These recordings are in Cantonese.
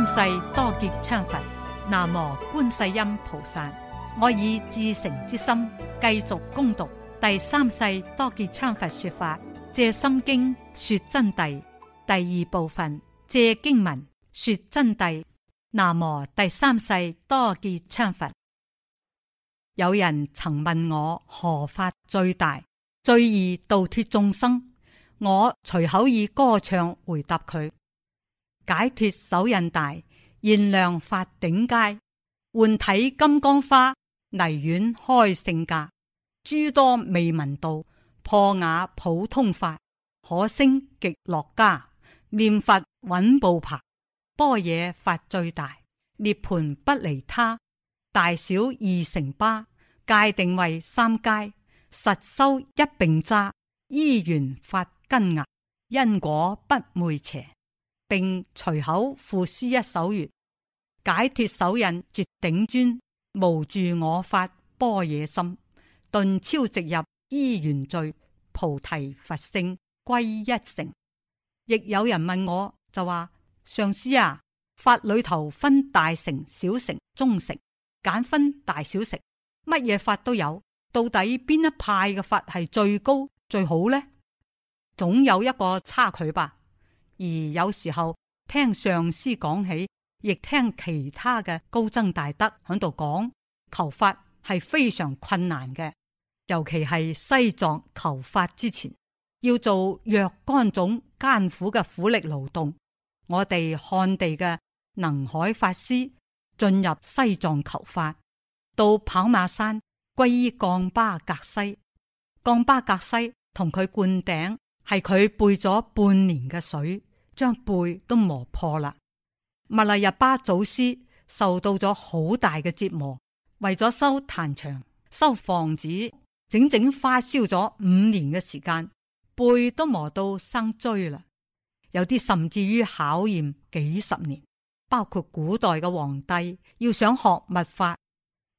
三世多杰羌佛，南無觀世音菩薩。我以至誠之心，繼續恭讀第三世多杰羌佛說法《藉心經》，說真諦第二部分《藉經文》，說真諦。南無第三世多杰羌佛。有人曾問我何法最大，最易度脫眾生，我隨口以歌唱回答佢。解脫手印大，現量法頂階，換體金剛花，泥丸開聖格，諸多未聞道，破瓦普通法，可升極樂家，念佛穩步爬，波野法最大，涅盤不離他，大小二成巴，界定為三階，實修一並扎，依緣發根芽，因果不昧邪。並隨口賦詩一首：曰，解脱手印絕頂尊，無住我法般若心，頓超直入依圓罪，菩提佛性歸一成。亦有人問我就，就話上師啊，法裏頭分大成、小成、中成，簡分大小成，乜嘢法都有，到底邊一派嘅法係最高最好呢？總有一個差距吧。而有時候聽上師講起，亦聽其他嘅高僧大德喺度講求法，係非常困難嘅，尤其係西藏求法之前，要做若干種艱苦嘅苦力勞動。我哋漢地嘅能海法師進入西藏求法，到跑馬山歸依降巴格西，降巴格西同佢灌頂，係佢背咗半年嘅水。將背都磨破啦，密勒日巴祖師受到咗好大嘅折磨，為咗修壇場、修房子，整整花銷咗五年嘅時間，背都磨到生椎啦。有啲甚至於考驗幾十年，包括古代嘅皇帝要想學密法，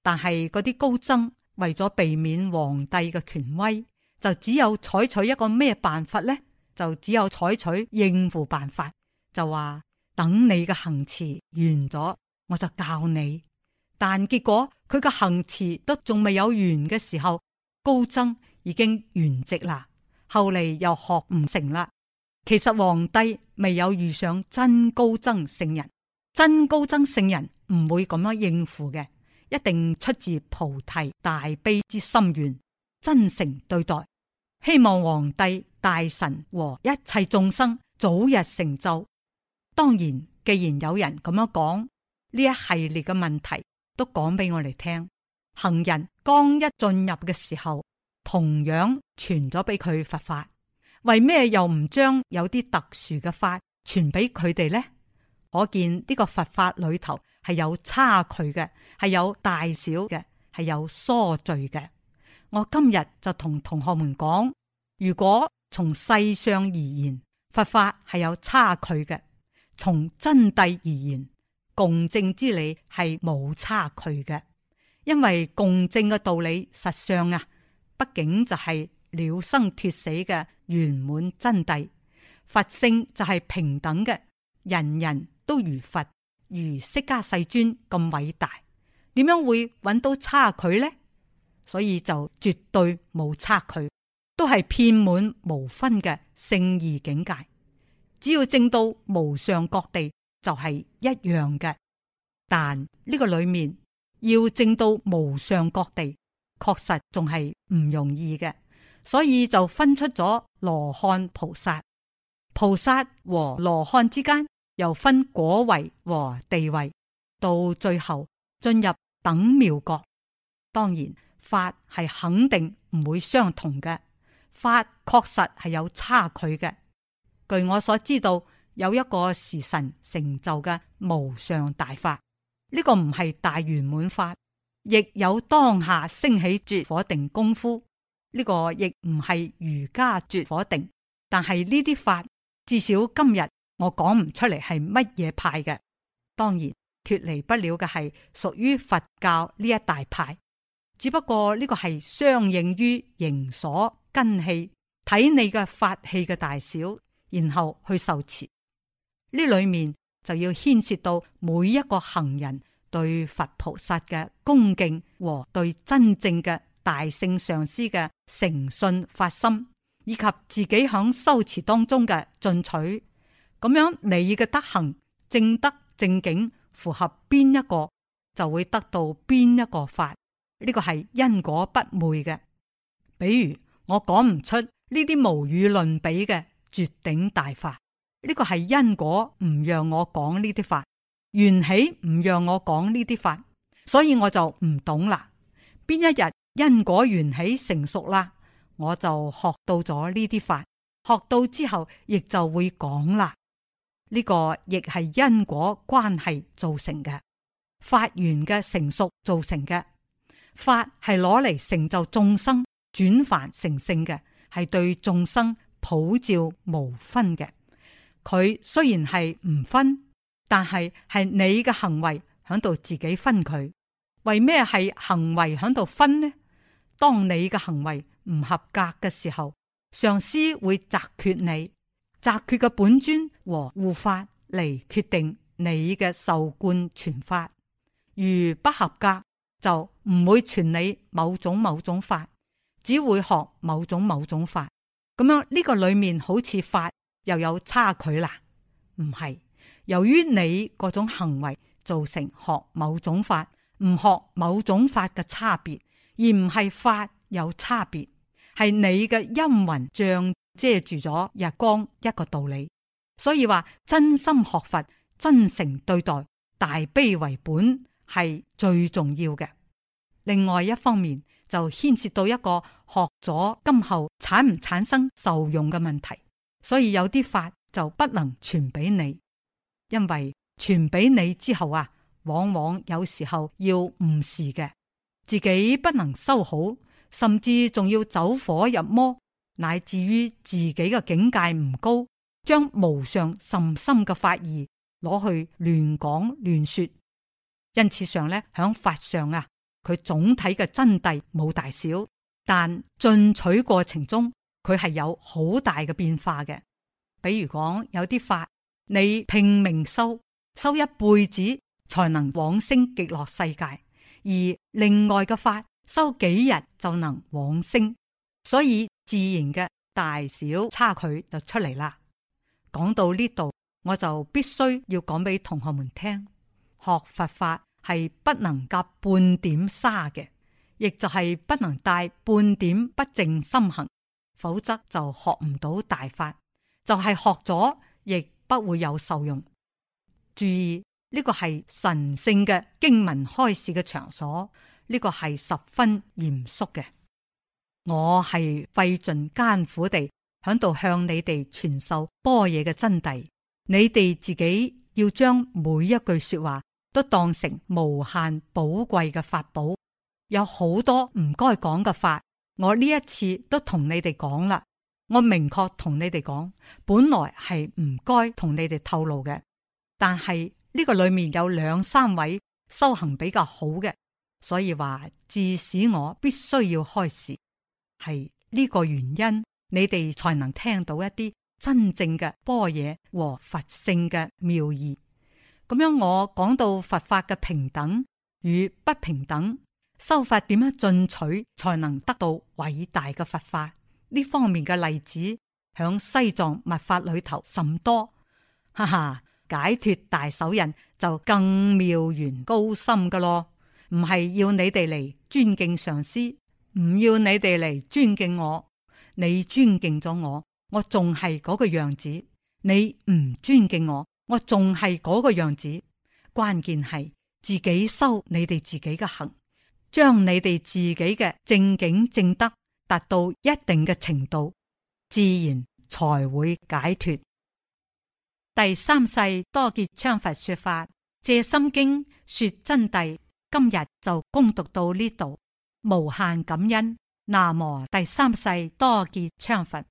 但係嗰啲高僧為咗避免皇帝嘅權威，就只有採取一個咩辦法呢？就只有採取應付辦法，就話等你嘅行持完咗，我就教你。但結果佢嘅行持都仲未有完嘅時候，高僧已經圓寂啦。後嚟又學唔成啦。其實皇帝未有遇上真高僧聖人，真高僧聖人唔會咁樣應付嘅，一定出自菩提大悲之心願，真誠對待。希望皇帝、大臣和一切眾生早日成就。當然，既然有人咁樣講，呢一系列嘅問題都講俾我哋聽。行人剛一進入嘅時候，同樣傳咗俾佢佛法。為咩又唔將有啲特殊嘅法傳俾佢哋呢？可見呢個佛法裏頭係有差距嘅，係有大小嘅，係有疏序嘅。我今日就同同學們講，如果從世上而言，佛法係有差距嘅；從真諦而言，共正之理係冇差距嘅。因為共正嘅道理實相啊，畢竟就係了生脱死嘅圓滿真諦，佛性就係平等嘅，人人都如佛，如釋迦世尊咁偉大，點樣會揾到差距呢？所以就絕對冇差距，都係遍滿無分嘅聖義境界。只要證到無上各地就係、是、一樣嘅，但呢個裏面要證到無上各地，確實仲係唔容易嘅。所以就分出咗羅漢菩薩，菩薩和羅漢之間又分果位和地位，到最後進入等妙國。當然。法係肯定唔會相同嘅，法確實係有差距嘅。據我所知道，有一個時辰成就嘅無上大法，呢、這個唔係大圓滿法，亦有當下升起拙火定功夫，呢、這個亦唔係瑜伽拙火定。但係呢啲法至少今日我講唔出嚟係乜嘢派嘅，當然脱離不了嘅係屬於佛教呢一大派。只不過呢個係相應於形所根器，睇你嘅法器嘅大小，然後去受持。呢裏面就要牽涉到每一個行人對佛菩薩嘅恭敬和對真正嘅大聖上師嘅誠信發心，以及自己喺修持當中嘅進取。咁樣你嘅德行、正德正經、正境符合邊一個，就會得到邊一個法。呢個係因果不昧嘅，比如我講唔出呢啲無與倫比嘅絕頂大法，呢、這個係因果唔讓我講呢啲法，緣起唔讓我講呢啲法，所以我就唔懂啦。邊一日因果緣起成熟啦，我就學到咗呢啲法，學到之後亦就會講啦。呢、這個亦係因果關係造成嘅，法緣嘅成熟造成嘅。法係攞嚟成就眾生轉凡成聖嘅，係對眾生普照無分嘅。佢雖然係唔分，但係係你嘅行為響度自己分佢。為咩係行為響度分呢？當你嘅行為唔合格嘅時候，上師會擇決你，擇決嘅本尊和護法嚟決定你嘅受灌傳法。如不合格。就唔會傳你某種某種法，只會學某種某種法。咁樣呢個裏面好似法又有差距啦，唔係由於你嗰種行為造成學某種法唔學某種法嘅差別，而唔係法有差別，係你嘅陰雲像遮住咗日光一個道理。所以話真心學佛，真誠對待，大悲為本。係最重要嘅。另外一方面就牽涉到一個學咗今後產唔產生受用嘅問題，所以有啲法就不能傳俾你，因為傳俾你之後啊，往往有時候要誤事嘅，自己不能修好，甚至仲要走火入魔，乃至於自己嘅境界唔高，將無上甚深嘅法義攞去亂講亂說。因此上咧，響法上啊，佢總體嘅真諦冇大小，但進取過程中，佢係有好大嘅變化嘅。比如講，有啲法你拼命修，修一輩子才能往生極樂世界；而另外嘅法，修幾日就能往生，所以自然嘅大小差距就出嚟啦。講到呢度，我就必須要講俾同學們聽。學佛法係不能夾半點沙嘅，亦就係不能帶半點不正心行，否則就學唔到大法。就係、是、學咗，亦不會有受用。注意呢、這個係神聖嘅經文開示嘅場所，呢、這個係十分嚴肅嘅。我係費盡艱苦地響度向你哋傳授般若嘅真諦，你哋自己要將每一句說話都當成無限寶貴嘅法寶，有好多唔該講嘅法，我呢一次都同你哋講啦。我明確同你哋講，本來係唔該同你哋透露嘅，但係呢個裏面有兩三位修行比較好嘅，所以話致使我必須要開示，係呢個原因，你哋才能聽到一啲真正嘅般若和佛性嘅妙義。咁樣我講到佛法嘅平等與不平等，修法點樣進取才能得到偉大嘅佛法？呢方面嘅例子響西藏密法裏頭甚多，哈哈！解脫大手印就更妙緣高深㗎咯，唔係要你哋嚟尊敬上師，唔要你哋嚟尊敬我，你尊敬咗我，我仲係嗰個樣子，你唔尊敬我。我仲係嗰個樣子，關鍵係自己修你哋自己嘅行，將你哋自己嘅正經正德達到一定嘅程度，自然才會解脱。第三世多杰羌佛說法，借心經說真諦。今日就恭讀到呢度，無限感恩。南無第三世多杰羌佛。